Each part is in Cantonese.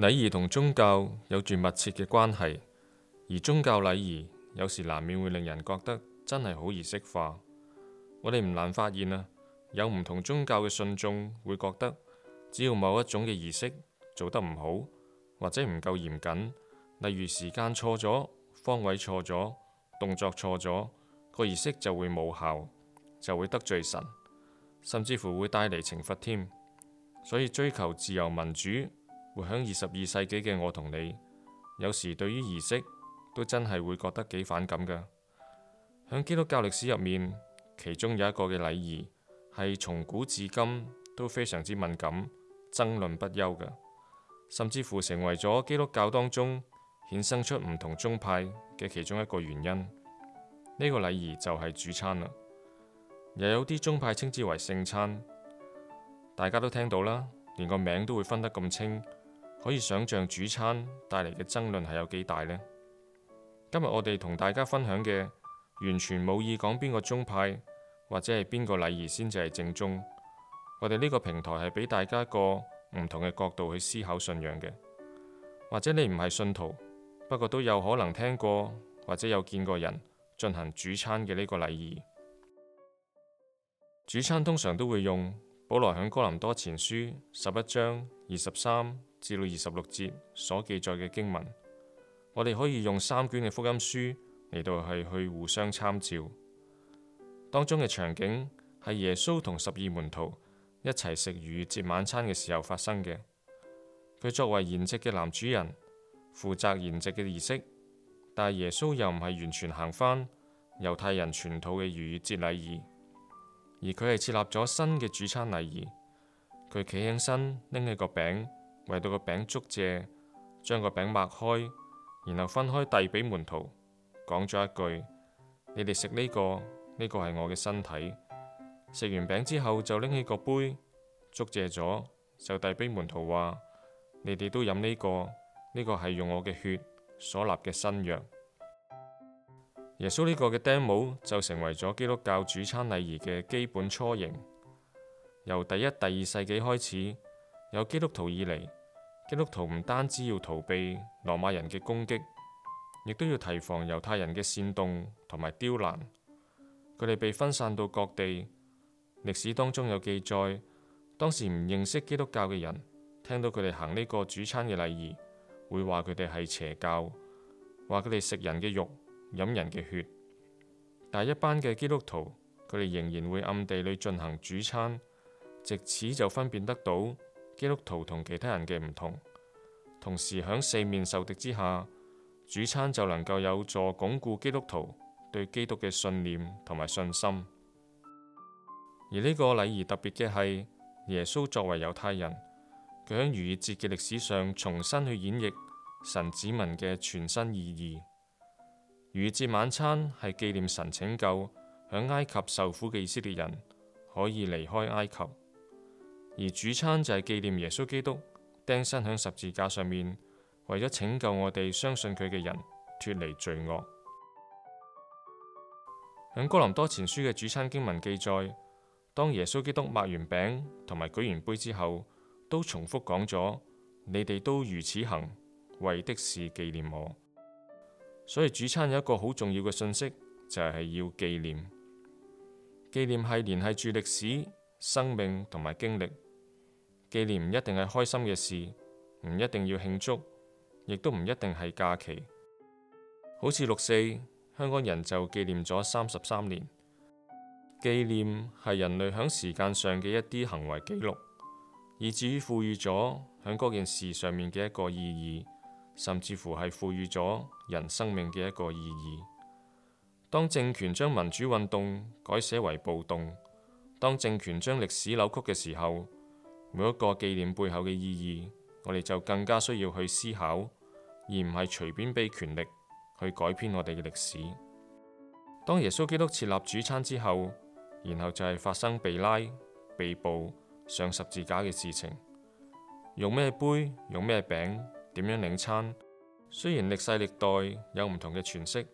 禮儀同宗教有住密切嘅關係，而宗教禮儀有時難免會令人覺得真係好儀式化。我哋唔難發現啊，有唔同宗教嘅信眾會覺得，只要某一種嘅儀式做得唔好或者唔夠嚴謹，例如時間錯咗、方位錯咗、動作錯咗，個儀式就會無效，就會得罪神，甚至乎會帶嚟懲罰添。所以追求自由民主。活喺二十二世紀嘅我同你，有時對於儀式都真係會覺得幾反感噶。響基督教歷史入面，其中有一個嘅禮儀係從古至今都非常之敏感、爭論不休嘅，甚至乎成為咗基督教當中衍生出唔同宗派嘅其中一個原因。呢個禮儀就係主餐啦，又有啲宗派稱之為聖餐。大家都聽到啦，連個名都會分得咁清。可以想象主餐帶嚟嘅爭論係有幾大呢？今日我哋同大家分享嘅完全冇意講邊個宗派或者係邊個禮儀先至係正宗。我哋呢個平台係俾大家一個唔同嘅角度去思考信仰嘅，或者你唔係信徒，不過都有可能聽過或者有見過人進行主餐嘅呢個禮儀。主餐通常都會用保羅喺哥林多前書十一章二十三，至到二十六節所記載嘅經文，我哋可以用三卷嘅福音書嚟到係去互相參照。當中嘅場景係耶穌同十二門徒一齊食逾越節晚餐嘅時候發生嘅。佢作為筵席嘅男主人，負責筵席嘅儀式，但耶穌又唔係完全行翻猶太人傳統嘅逾越節禮儀，而佢係設立咗新嘅主餐禮儀。佢企起身拎起個餅。為到個餅祝謝，將個餅擘開，然後分開遞俾門徒，講咗一句：你哋食呢個，呢個係我嘅身體。食完餅之後就拎起個杯祝謝咗，就遞俾門徒話：你哋都飲呢個，呢個係用我嘅血所立嘅新約。耶穌呢個嘅釘帽就成為咗基督教主餐禮儀嘅基本雛形。由第一、第二世紀開始，有基督徒以嚟。基督徒唔單止要逃避羅馬人嘅攻擊，亦都要提防猶太人嘅煽動同埋刁難。佢哋被分散到各地，歷史當中有記載，當時唔認識基督教嘅人，聽到佢哋行呢個主餐嘅禮儀，會話佢哋係邪教，話佢哋食人嘅肉、飲人嘅血。但一班嘅基督徒，佢哋仍然會暗地裏進行主餐，藉此就分辨得到，基督徒同其他人嘅唔同，同時響四面受敵之下，主餐就能夠有助鞏固基督徒對基督嘅信念同埋信心。而呢個禮儀特別嘅係耶穌作為猶太人，佢響逾越節嘅歷史上重新去演繹神子民嘅全新意義。逾越節晚餐係紀念神拯救響埃及受苦嘅以色列人，可以離開埃及。而主餐就係紀念耶穌基督釘身喺十字架上面，為咗拯救我哋相信佢嘅人脫離罪惡。喺哥林多前書嘅主餐經文記載，當耶穌基督擘完餅同埋舉完杯之後，都重複講咗：你哋都如此行，為的是紀念我。所以主餐有一個好重要嘅信息，就係要紀念。紀念係連繫住歷史、生命同埋經歷。紀念唔一定係開心嘅事，唔一定要慶祝，亦都唔一定係假期。好似六四，香港人就紀念咗三十三年。紀念係人類響時間上嘅一啲行為記錄，以至於賦予咗響嗰件事上面嘅一個意義，甚至乎係賦予咗人生命嘅一個意義。當政權將民主運動改寫為暴動，當政權將歷史扭曲嘅時候。每一個紀念背後嘅意義，我哋就更加需要去思考，而唔係隨便畀權力去改編我哋嘅歷史。當耶穌基督設立主餐之後，然後就係發生被拉、被捕、上十字架嘅事情。用咩杯、用咩餅、點樣領餐，雖然歷世歷代有唔同嘅詮釋，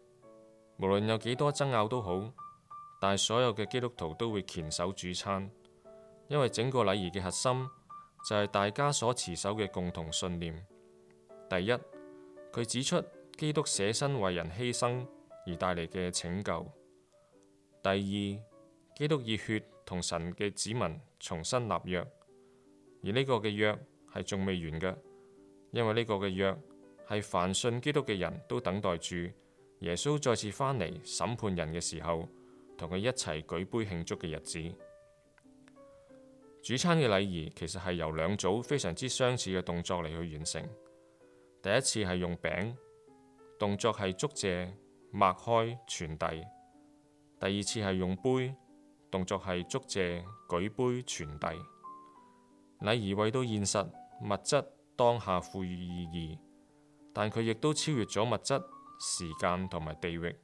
無論有幾多爭拗都好，但係所有嘅基督徒都會虔守主餐。因為整個禮儀嘅核心就係大家所持守嘅共同信念。第一，佢指出基督捨身為人犧牲而帶嚟嘅拯救；第二，基督以血同神嘅子民重新立約，而呢個嘅約係仲未完嘅，因為呢個嘅約係凡信基督嘅人都等待住耶穌再次返嚟審判人嘅時候，同佢一齊舉杯慶祝嘅日子。主餐嘅禮儀其實係由兩組非常之相似嘅動作嚟去完成。第一次係用餅，動作係祝謝、擘開、傳遞；第二次係用杯，動作係祝謝、舉杯、傳遞。禮儀為到現實物質當下賦予意義，但佢亦都超越咗物質、時間同埋地域。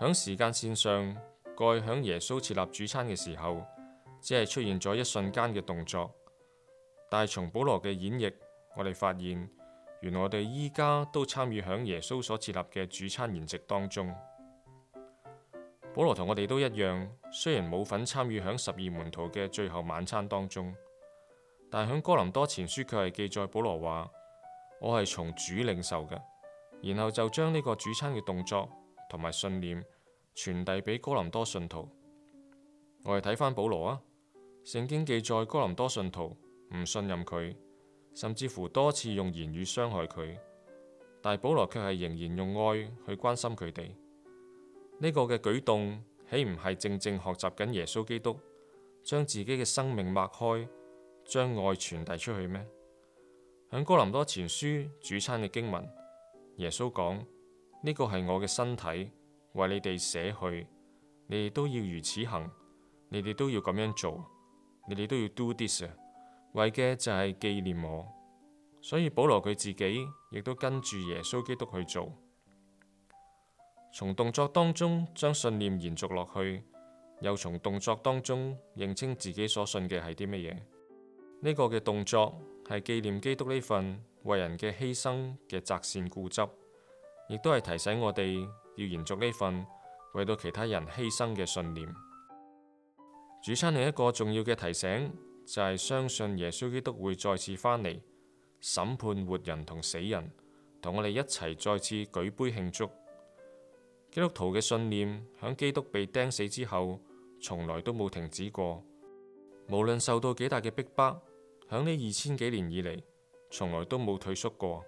喺時間線上，蓋響耶穌設立主餐嘅時候。只係出現咗一瞬間嘅動作，但係從保羅嘅演繹，我哋發現，原來我哋依家都參與響耶穌所設立嘅主餐筵席當中。保羅同我哋都一樣，雖然冇份參與響十二門徒嘅最後晚餐當中，但係響哥林多前書卻係記載保羅話：我係從主領受嘅，然後就將呢個主餐嘅動作同埋信念傳遞俾哥林多信徒。我哋睇返保羅啊。聖經記載哥林多信徒唔信任佢，甚至乎多次用言語傷害佢，但保羅卻係仍然用愛去關心佢哋呢個嘅舉動，豈唔係正正學習緊耶穌基督，將自己嘅生命擘開，將愛傳遞出去咩？喺哥林多前書主餐嘅經文，耶穌講，呢個係我嘅身體，為你哋捨去，你哋都要如此行，你哋都要咁樣做，你哋都要 do this 啊，為嘅就係紀念我，所以保羅佢自己亦都跟住耶穌基督去做，從動作當中將信念延續落去，又從動作當中認清自己所信嘅係啲乜嘢。呢個嘅動作係紀念基督呢份為人嘅犧牲嘅擇善固執，亦都係提醒我哋要延續呢份為到其他人犧牲嘅信念。主餐另一個重要嘅提醒就係、是、相信耶穌基督會再次翻嚟審判活人同死人，同我哋一齊再次舉杯慶祝。基督徒嘅信念響基督被釘死之後，從來都冇停止過，無論受到幾大嘅逼迫，迫，響呢二千幾年以嚟，從來都冇退縮過。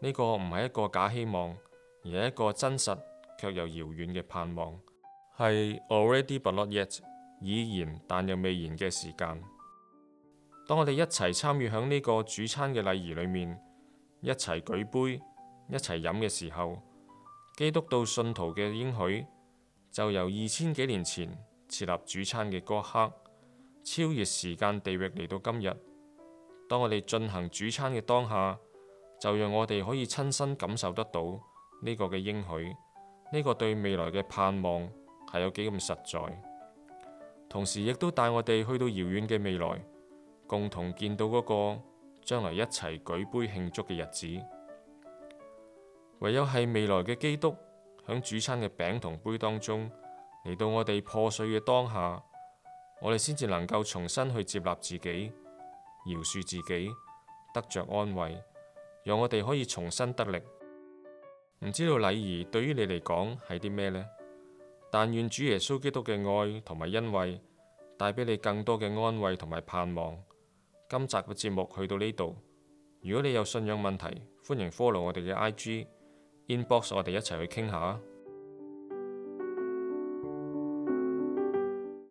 呢、這個唔係一個假希望，而係一個真實卻又遙遠嘅盼望，係 already but not yet。已然，但又未然嘅時間。當我哋一齊參與響呢個主餐嘅禮儀裏面，一齊舉杯，一齊飲嘅時候，基督教信徒嘅應許就由二千幾年前設立主餐嘅嗰刻，超越時間地域嚟到今日。當我哋進行主餐嘅當下，就讓我哋可以親身感受得到呢個嘅應許，呢個對未來嘅盼望係有幾咁實在。同時亦都帶我哋去到遙遠嘅未來，共同見到嗰個將來一齊舉杯慶祝嘅日子。唯有係未來嘅基督響主餐嘅餅同杯當中嚟到我哋破碎嘅當下，我哋先至能夠重新去接納自己、饒恕自己、得着安慰，讓我哋可以重新得力。唔知道禮儀對於你嚟講係啲咩呢？但願主耶穌基督嘅愛同埋恩惠。帶俾你更多嘅安慰同埋盼望。今集嘅節目去到呢度，如果你有信仰問題，歡迎 follow 我哋嘅 IG inbox，我哋一齊去傾下啊！